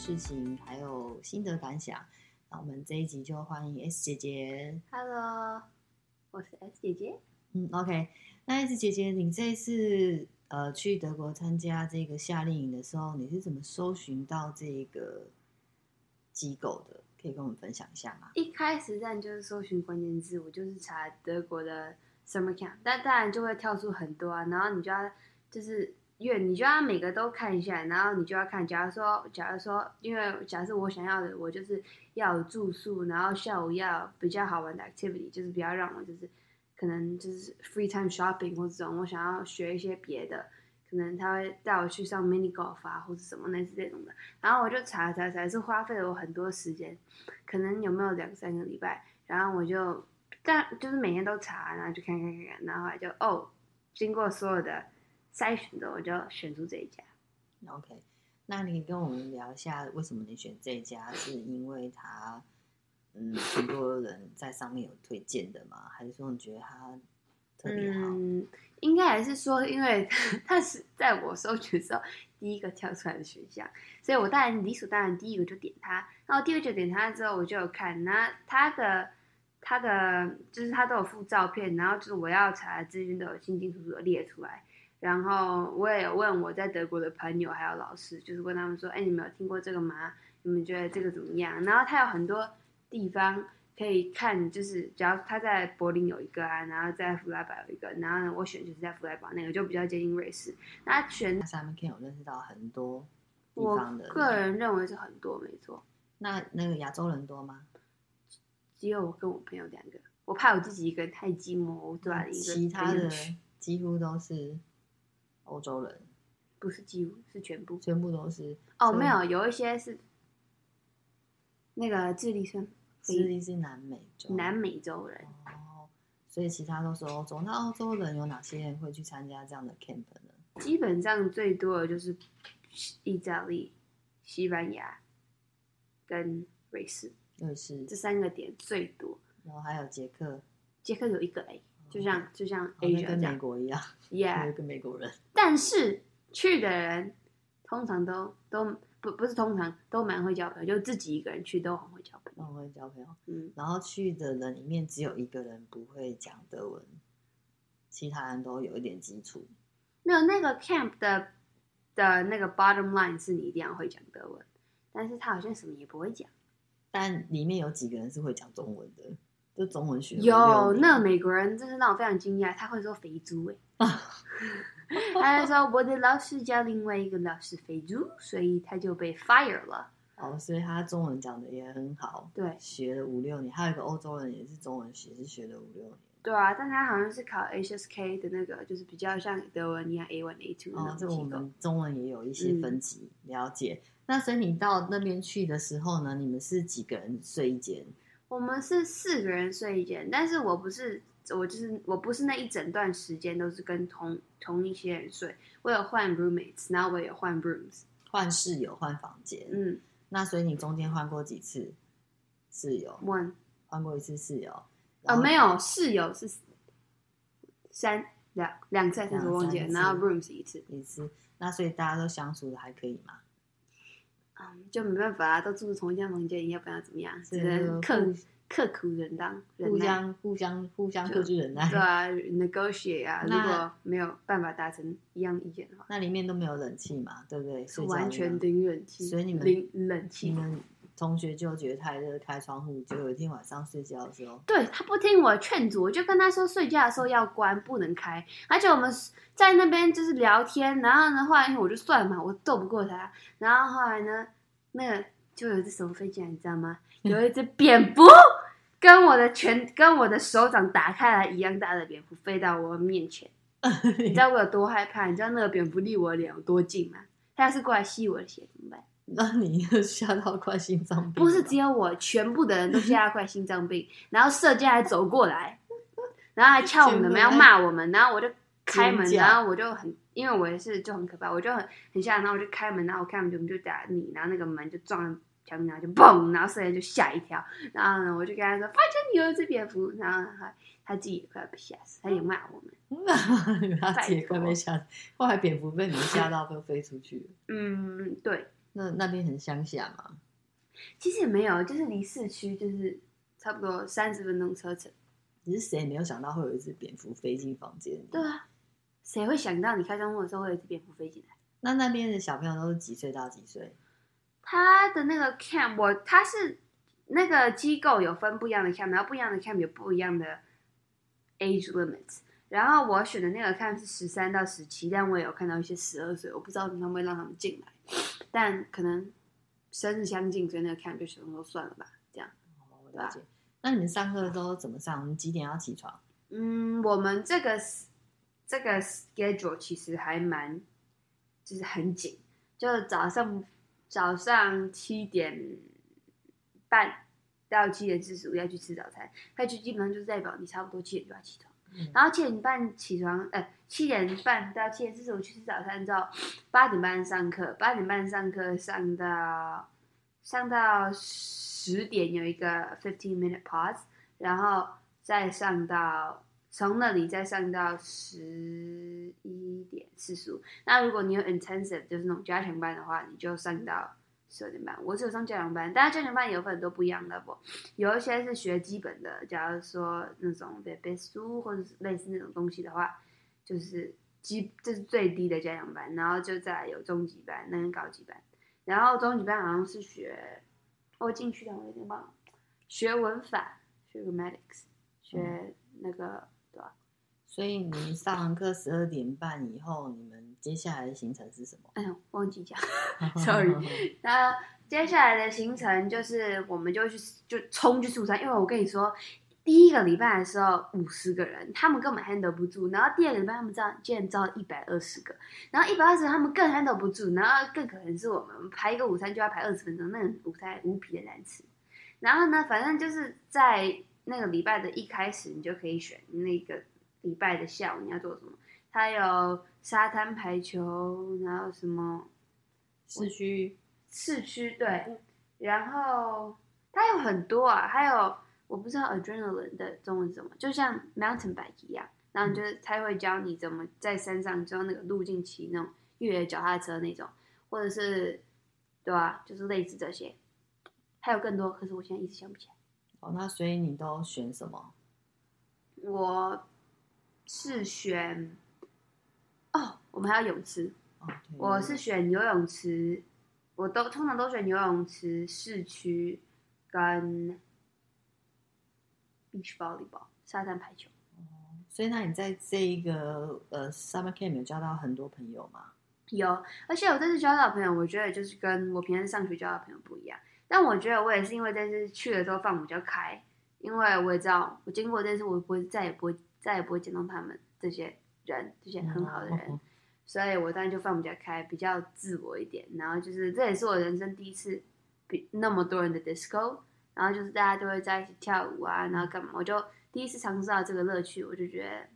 事情還有心得感想，那我們這一集就歡迎 S 姐姐。Hello，我是 S 姐姐。嗯，OK，那 S 姐姐，你這一次呃去德國參加這個夏令營的時候，你是怎麼搜尋到這個機構的？可以跟我們分享一下嗎？一開始在就是搜尋關鍵字，我就是查德國的 summer camp，那當然就會跳出很多啊，然後你就要就是。因為你就要每個都看一下，然後你就要看。假如說，假如說，因為假設我想要的，我就是要有住宿，然後下午要比較好玩的 activity，就是比較讓我就是，可能就是 free time shopping 或這種。我想要學一些別的，可能他會帶我去上 mini golf 啊，或者什麼類似這種的。然後我就查查查，是花費了我很多時間，可能有沒有兩三個禮拜。然後我就但就是每天都查，然後就看看看看，然後還就哦，經過所有的。篩選的，我就選出這一家。OK，那你跟我們聊一下，為什麼你選這一家？是因為他，嗯，很多人在上面有推薦的嗎？還是說你覺得他特別好？嗯，應該還是說，因為他，他是在我搜尋的時候第一個跳出來的選項，所以我當然理所當然第一個就點他，然後第二個就點他之後，我就有看，那他的他的就是他都有附照片，然後就是我要查的資訊都有清清楚楚的列出來。然後我也有問我在德國的朋友還有老師，就是問他們說：“哎，你們有聽過這個嗎？你們覺得這個怎麼樣？”然後他有很多地方可以看，就是只要他在柏林有一個啊，然後在弗萊堡有一個，然後我選就是在弗萊堡那個，就比較接近瑞士。那全他上面看，我認識到很多地方的。我個人認為是很多，沒錯。那那個亞洲人多嗎？只有我跟我朋友兩個，我怕我自己一個人太寂寞，對吧？一個其他的幾乎都是。歐洲人，不是幾乎，是全部，全部都是哦，沒有，有一些是那個智利生，智利是南美洲，南美洲人哦，所以其他都是歐洲。那歐洲人有哪些人會去參加這樣的 camp 呢？基本上最多的就是意大利、西班牙跟瑞士，瑞士這三個點最多，然後還有捷克，捷克有一個欸。就像就像，像跟美國一樣 yeah 跟美國人。但是去的人通常都都不不是通常都蠻會交朋友，就自己一個人去都很會交朋友，很會交朋友。嗯，然後去的人裡面只有一個人不會講德文，嗯、其他人都有一點基礎。沒有那，那個 camp 的的那個 bottom line 是你一定要會講德文，但是他好像什麼也不會講。但裡面有幾個人是會講中文的。就中文學有年。那美國人真是讓我非常驚訝，他會說肥豬、欸“肥豬”哎，他就說我的老師叫另外一個老師“肥豬”，所以他就被 fire 了。哦，所以他中文講得也很好，對，學了五六年。還有一個歐洲人也是中文學，是學了五六年。對啊，但他好像是考 HSK 的那個，就是比較像德文一樣 A one A two 哦，這我們中文也有一些分級，嗯、了解。那所以你到那邊去的時候呢，你們是幾個人睡一間？我們是四個人睡一間，但是我不是，我就是我不是那一整段時間都是跟同同一些人睡，我有換 roommates，然後我也有換 rooms，換室友換房間。嗯，那所以你中間換過幾次？室友，問。One，換過一次室友。啊、呃，沒有室友是三兩兩次還是我忘記了，然後 rooms 一次一次，那所以大家都相處的還可以嗎？就沒辦法、啊，都住同一間房間，要不然怎麼樣？對只能刻刻，互刻苦忍讓，互相、忍耐互相互相克制忍耐。對啊，negotiate 啊，那如果沒有辦法達成一樣意見的話，那裡面都沒有冷氣嘛，對不對？是完全零冷氣，所以你們零冷氣。冷同學就覺得太熱，開、這個、窗戶。結果有一天晚上睡覺的時候，對他不聽我勸阻，我就跟他說睡覺的時候要關，不能開。而且我們在那邊就是聊天，然後呢，後來我就算了嘛，我鬥不過他。然後後來呢，那個就有一只什麼飛起來，你知道嗎？有一只蝙蝠，跟我的拳、跟我的手掌打開來一樣大的蝙蝠飛到我面前。 你知道我有多害怕？你知道那個蝙蝠離我的臉有多近嗎？他要是過來吸我的血怎麼辦？那你嚇到快心臟病？不是只有我，全部的人都嚇到快心臟病。 然後射箭還走過來， 然後還敲我們的門要、哎、罵我們。然後我就開門，假然後我就很，因為我也是就很可怕，我就很很嚇。然後我就開門，然後我開門就就打你，然後那個門就撞牆，然後就嘣，然後射箭就嚇一跳。然後呢，我就跟他說 發現你有一只蝙蝠，然後他他自己也快被嚇死，他也罵我們。罵他自己快被嚇死，後來蝙蝠被你嚇到都飛出去。嗯，對。那那邊很鄉下嗎？其實也沒有，就是離市區就是差不多三十分鐘車程。只是誰也沒有想到會有一隻蝙蝠飛進房間。對啊，誰會想到你開窗戶的時候會有一隻蝙蝠飛進來？那那邊的小朋友都是幾歲到幾歲？他的那個 camp，我他是那個機構有分不一樣的 camp，然後不一樣的 camp 有不一樣的 age limits。然後我選的那個 camp 是十三到十七，但我也有看到一些十二歲，我不知道他們會讓他們進來。但可能生日相近，所以那個 camp 就全部都算了吧，這樣。好我了解。吧那你們上課都怎麼上？我們好幾點要起床？嗯，我們這個這個 schedule 其實還蠻就是很緊，就早上早上七點半到七點四十五要去吃早餐，他就基本上就代表你差不多七點就要起床。然後七點半起床，呃，七點半到七點四十五去吃早餐之後，八點半上課，八點半上課上到上到十點有一個 fifteen minute pause，然後再上到從那裡再上到十一點四十五。那如果你有 intensive，就是那種加強班的話，你就上到。十二點半，我只有上加強班，但是加強班也有很多不一樣的不，有一些是學基本的，假如說那種背背書或者是類似那種東西的話，就是基這、就是最低的加強班，然後就在有中級班，那種高級班，然後中級班好像是學，我進去的我有點忘了，學文法，學 g r a m m a i c s 學那個、嗯、對吧？所以你上完課十二點半以後，你們接下來的行程是什麼？哎、嗯，忘記講，sorry。那接下來的行程就是，我們就去就衝去宿餐，因為我跟你說，第一個禮拜的時候五十個人，他們根本 handle 不住。然後第二個禮拜他們招，竟然招一百二十個，然後一百二十個他們更 handle 不住。然後更可能是我們排一個午餐就要排二十分鐘，那種午餐無比的難吃。然後呢，反正就是在那個禮拜的一開始，你就可以選那個。禮拜的下午你要做什麼？他有沙灘排球，然後什麼？市區。市區，對。嗯、然後他有很多啊，還有我不知道 adrenaline 的中文是什麼，就像 mountain bike 一樣，然後就是他會教你怎麼在山上就那個路徑騎那種越野腳踏車那種，或者是對吧？就是類似這些，還有更多，可是我現在一直想不起來。哦，那所以你都選什麼？我。是選哦，oh, 我們還有泳池哦。Oh, 對我是選游泳池，我都通常都選游泳池市、市區跟 beach volleyball 沙灘排球。嗯，所以，那你在這一個呃 summer camp 有交到很多朋友嗎？有，而且我這次交到的朋友，我覺得就是跟我平常上學交到的朋友不一樣。但我覺得我也是因為這次去的時候放比較開，因為我也知道我經過這次，我不會再也不會。再也不會見到他們這些人，這些很好的人，嗯嗯、所以我當時就放比較開，比較自我一點，然後就是這也是我人生第一次比，比那麼多人的 disco，然後就是大家都會在一起跳舞啊，然後幹嘛，我就第一次嘗試到這個樂趣，我就覺得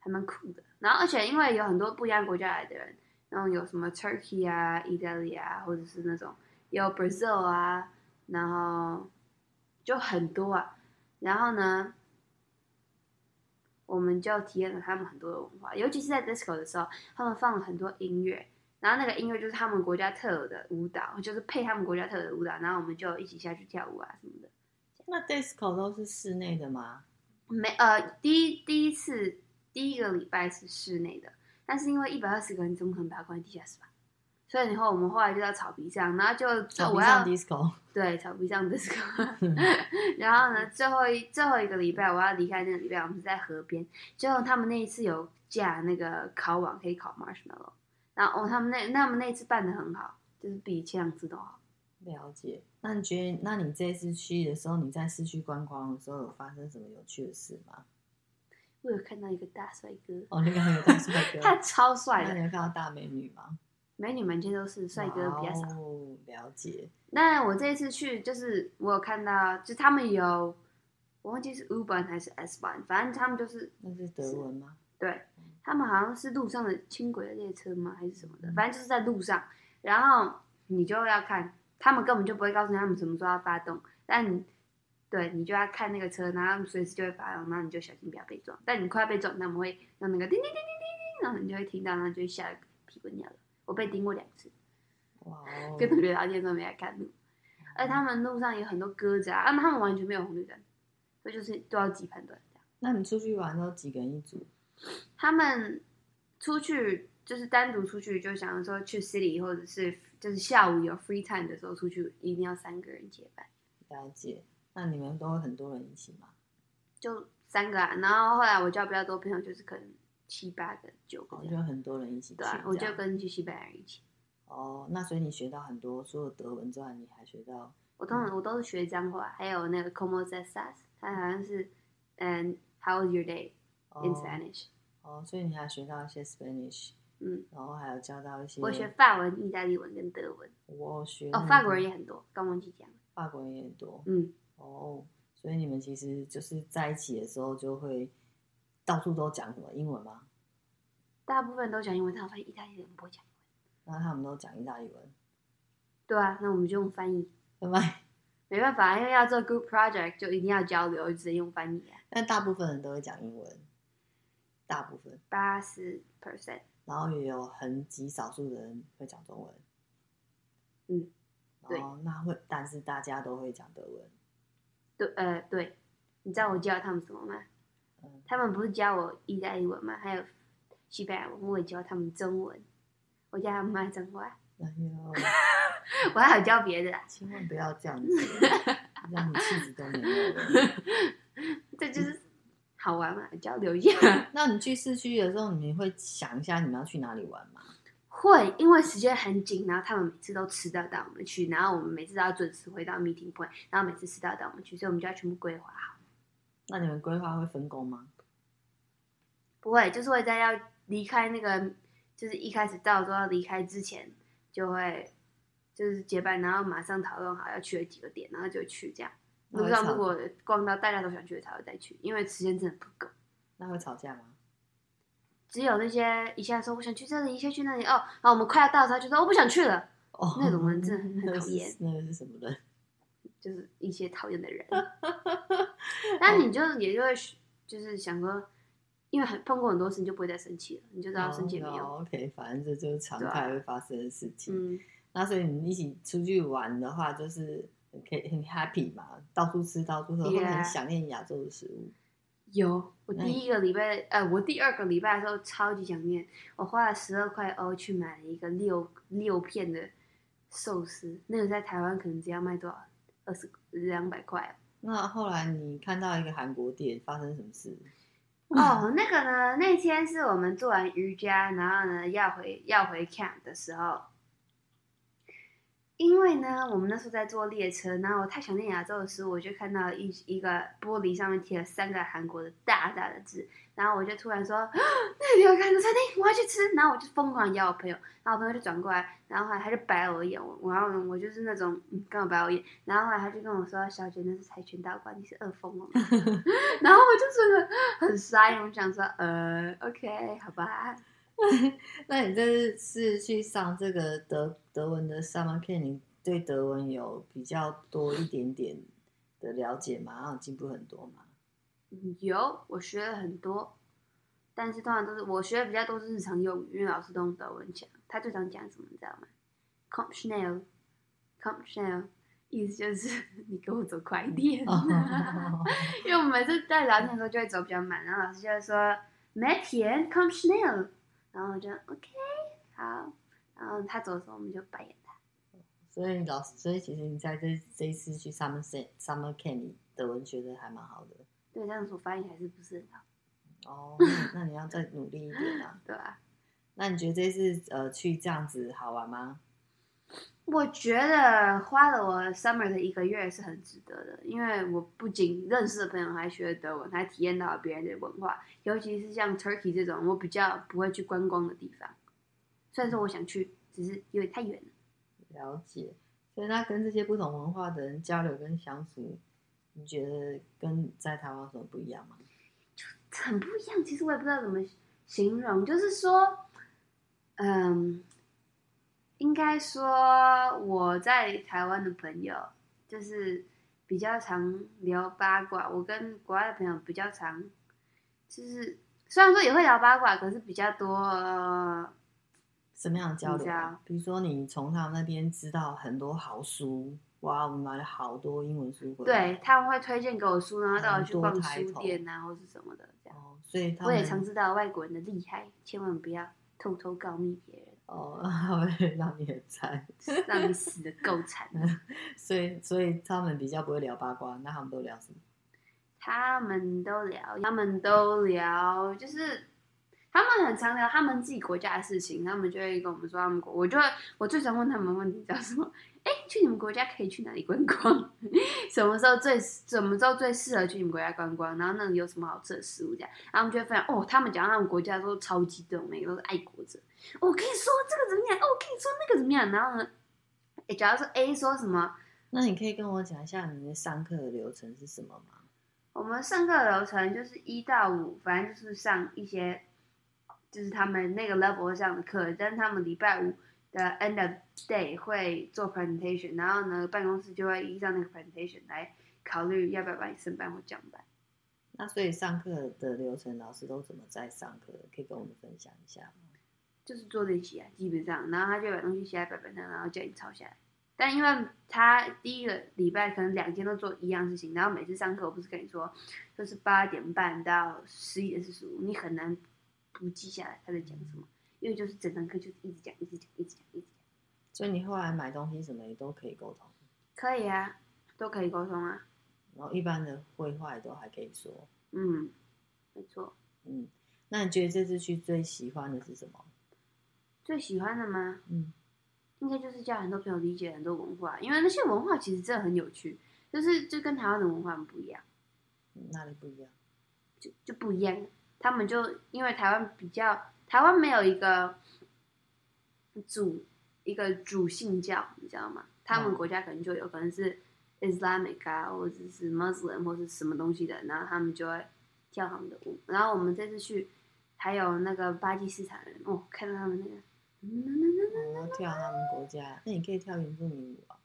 還蠻酷的。然後而且因為有很多不一樣國家來的人，然後有什麼 Turkey 啊、意大利啊，或者是那種有 Brazil 啊，然後就很多啊，然後呢，我們就體驗了他們很多的文化，尤其是在 disco 的時候，他們放了很多音樂，然後那個音樂就是他們國家特有的舞蹈，就是配他們國家特有的舞蹈，然後我們就一起下去跳舞啊什麼的。那 disco 都是室內的嗎？沒，呃，第一，第一次，第一個禮拜是室內的，但是因為一百二十個人怎麼可能把它關在地下室吧？所以以後我們後來就在草皮上，然後就我要對草皮上 disco。然， 然後呢，最後一最後一個禮拜我要離開那個禮拜，我們在河邊。最後他們那一次有架那個烤網可以烤 marshmallow，然後哦他們那我們那一次辦的很好，就是比前兩次都好。了解。那你覺得那你這次去的時候，你在市區觀光的時候有發生什麼有趣的事嗎？我有看到一個大帥哥，哦，那個很有大帥哥， 他超帥的。那你有看到大美女嗎？美女滿街都是，帥哥比較少。Oh, 了解。那我這一次去就是，我有看到，就他們有，我忘記是 U-Bahn 還是 S-Bahn，反正他們就是。那是德文嗎？對，嗯、他們好像是路上的輕軌的列車嗎？還是什麼的？嗯、反正就是在路上，然後你就要看，他們根本就不會告訴你他們什麼時候要發動，但對你就要看那個車，然後隨時就會發動，然後你就小心不要被撞。但你快要被撞，他們會讓那個叮叮叮叮叮叮，然後你就會聽到，然後就會嚇得屁滾尿流。我被盯過兩次，哇！根本聊天都沒來看路，而且他們路上有很多鴿子啊，他們完全沒有紅綠燈，所以就是都要自己判斷這樣。那你出去玩都幾個人一組？他們出去就是單獨出去，就想要說去 city，或者是就是下午有 free time 的時候出去，一定要三個人結伴。了解。那你們都會很多人一起嗎？就三個啊，然後後來我交比較多朋友，就是可能。七八個，九個人，就很多人一起對，我就跟去西班牙一起。哦，那所以你學到很多，所有德文之外，你還學到？我當然，我都是學髒話，還有那個 como estas，他好像是嗯，how's w a your day in Spanish。哦，所以你還學到一些 Spanish，嗯，然後還有教到一些。我學法文、意大利文跟德文。我學法國人也很多，剛忘記講。法國人也多，嗯，哦，所以你們其實就是在一起的時候就會。到處都講什麼英文嗎？大部分都講英文，但我發現意大利人，不會講英文。然後那他們都講意大利文？對啊，那我們就用翻譯。對吧？沒辦法，因為要做 group project，就一定要交流，就直接用翻譯啊。但大部分人都會講英文，大部分八十 percent，然後也有很極少數人會講中文。嗯，對，然後，那會，但是大家都會講德文。對，呃，對，你知道我教他們什麼嗎？他們不是教我意大利文嗎？還有西班牙文，我也教他們中文。我叫他們罵中文。哎呦！我還有教別的。千萬不要這樣子， 讓你氣質都沒有 這就是好玩嘛，啊，交流一下。嗯、那你去市區的時候，你會想一下你們要去哪裡玩嗎？會，因為時間很緊，然後他們每次都遲到帶我們去，然後我們每次都要準時回到 meeting point，然後每次遲到帶我們去，所以我們就要全部規劃好。那你們規劃會分工嗎？不會，就是會在要離開那個，就是一開始到的時候要離開之前，就會就是結拜，然後馬上討論好要去了幾個點，然後就去這樣。路上如果逛到大家都想去的才會再去，因為時間真的不夠。那會吵架嗎？只有那些一下說我想去這裡，一下去那裡哦，然後我們快要到的時候他就說我不想去了，哦，那種人真的很討厭。那個是什麼人？就是一些討厭的人。 那你就也就會就是想說，oh, 因為很，碰過很多次，你就不會再生氣了，你就知道生氣沒有。Oh, OK，反正這就是常態會發生的事情。啊嗯，那所以你們一起出去玩的話，就是很可以很 happy 嘛，到處吃到處喝，會 Yeah. 很想念亞洲的食物。有，我第一個禮拜，那呃，我第二個禮拜的時候超級想念，我花了十二塊歐去買了一個六六片的壽司，那個在台灣可能只要賣多少？二十兩百塊。那後來你看到一個韓國店發生什麼事？哦，那個呢，那天是我們做完瑜伽，然後呢，要回要回 camp 的時候。因為呢，我們那時候在坐列車，然後我太想念亞洲的時候，我就看到一一個玻璃上面貼了三個韓國的大大的字，然後我就突然說：“ 那你要看的餐廳，我要去吃。”然後我就瘋狂邀我朋友，然後我朋友就轉過來，然後還還是白我一眼，然後我，我就是那種、嗯、剛好白我一眼，然後後來他就跟我說：“小姐，那是跆拳道館，你是餓瘋了嗎？”然後我就真的很傻，我想說：“呃，OK，好吧。” 那你這是去上這個德德文的 summer camp，你對德文有比較多一點點的了解嗎？然後進步很多嗎？有，我學了很多，但是通常都是我學的比較多是日常用語，因為老師都用德文講，他最常講什麼你知道嗎？Komm schnell，Komm schnell，意思就是你給我走快一點， oh. 因為我們每次在聊天的時候就會走比較慢，然後老師就會說，Mädchen，Komm schnell 然後我就 OK，好，然後他走的時候我們就扮演他。所以老師，所以其實你在這這一次去 Summer Summer, Summer Camp 裡的文學的還蠻好的。對，但是說翻譯還是不是很好。哦，那你要再努力一點啊。 對啊。那你覺得這次呃去這樣子好玩嗎？我覺得花了我 summer 的一個月是很值得的，因為我不僅認識的朋友，還學德文，還體驗到別人的文化。尤其是像 Turkey 這種我比較不會去觀光的地方，雖然說我想去，只是因為太遠了。了解，所以那跟這些不同文化的人交流跟相處，你覺得跟在台灣的時候不一樣嗎？就很不一樣，其實我也不知道怎麼形容，就是說，嗯。應該說我在台灣的朋友就是比較常聊八卦，我跟國外的朋友比較常就是雖然說也會聊八卦，可是比較多、呃、什麼樣的交流？比較，比如說你從他們那邊知道很多好書，哇，我們買了好多英文書回來。對，他們會推薦給我書，然後帶我去逛書店啊，或是什麼的這樣。哦，所以他們我也常知道外國人的厲害，千萬不要偷偷告密別人哦，oh, 讓你很慘，讓你死的夠慘。所以，所以他們比較不會聊八卦，那他們都聊什麼？他們都聊，他們都聊，就是他們很常聊他們自己國家的事情。他們就會跟我們說他們國家，我就我最常問他們問題叫什麼？哎、欸，去你們國家可以去哪裡觀光？ 什麼時候最什麼時候最適合去你們國家觀光？然後那裡有什麼好吃的食物？這樣，然後我們就會發現，哦，他們講到他們國家都超激動，每個都是愛國者。哦、我可以說這個怎麼樣、哦？我可以說那個怎麼樣？然後呢？哎、欸，假如說 A 說什麼？那你可以跟我講一下你們上課的流程是什麼嗎？我們上課的流程就是一到五，反正就是上一些就是他們那個 level 上的課，但是他們禮拜五。The end of day 會做 presentation，然後呢，辦公室就會依照那個 presentation 來考慮要不要把你升班或降班。那所以上課的流程老師都怎麼在上課？可以跟我們分享一下嗎？就是做筆記啊，基本上，然後他就把東西寫在白板上，然後叫你抄下來。但因為他第一個禮拜可能兩天都做一樣事情，然後每次上課，我不是跟你說，就是八點半到十一點四十五，你很難不記下來他在講什麼。嗯因為就是整堂課就是一直講，一直講，一直講，一直講。所以你後來買東西什麼也都可以溝通。可以啊，都可以溝通啊。然後一般的會話也都還可以說。嗯，沒錯。嗯，那你覺得這次去最喜歡的是什麼？最喜歡的嗎？嗯，應該就是交很多朋友，理解很多文化，因為那些文化其實真的很有趣，就是就跟台灣的文化很不一樣。嗯，哪裡不一樣？就就不一樣。他們就因為台灣比較。台灣沒有一個主一個主信教，你知道嗎？他們國家可能就有可能是 Islamic 啊，或者是 Muslim 或者是什麼東西的，然後他們就會跳他們的舞。然後我們這次去，還有那個巴基斯坦人哦，看到他們那個，我要跳？他們國家？那、欸、你可以跳原住民舞啊。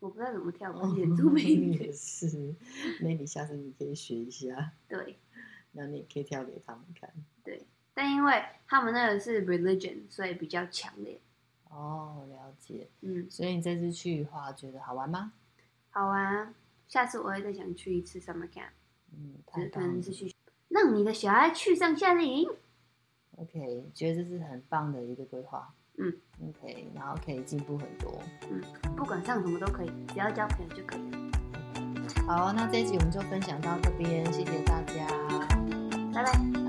我不知道怎麼跳，原住民舞是？那你下次你可以學一下。對，那你也可以跳給他們看。但因為他們那個是 religion，所以比較強烈。哦，了解。嗯，所以你這次去的話，覺得好玩嗎？好玩、啊。下次我也會再想去一次 summer camp。嗯，太棒了。可能是去讓你的小孩去上夏令營。OK，覺得這是很棒的一個規劃。嗯，OK，然後可以進步很多。嗯，不管上什麼都可以，只要交朋友就可以了。好，那這一集我們就分享到這邊，謝謝大家，拜拜、okay,。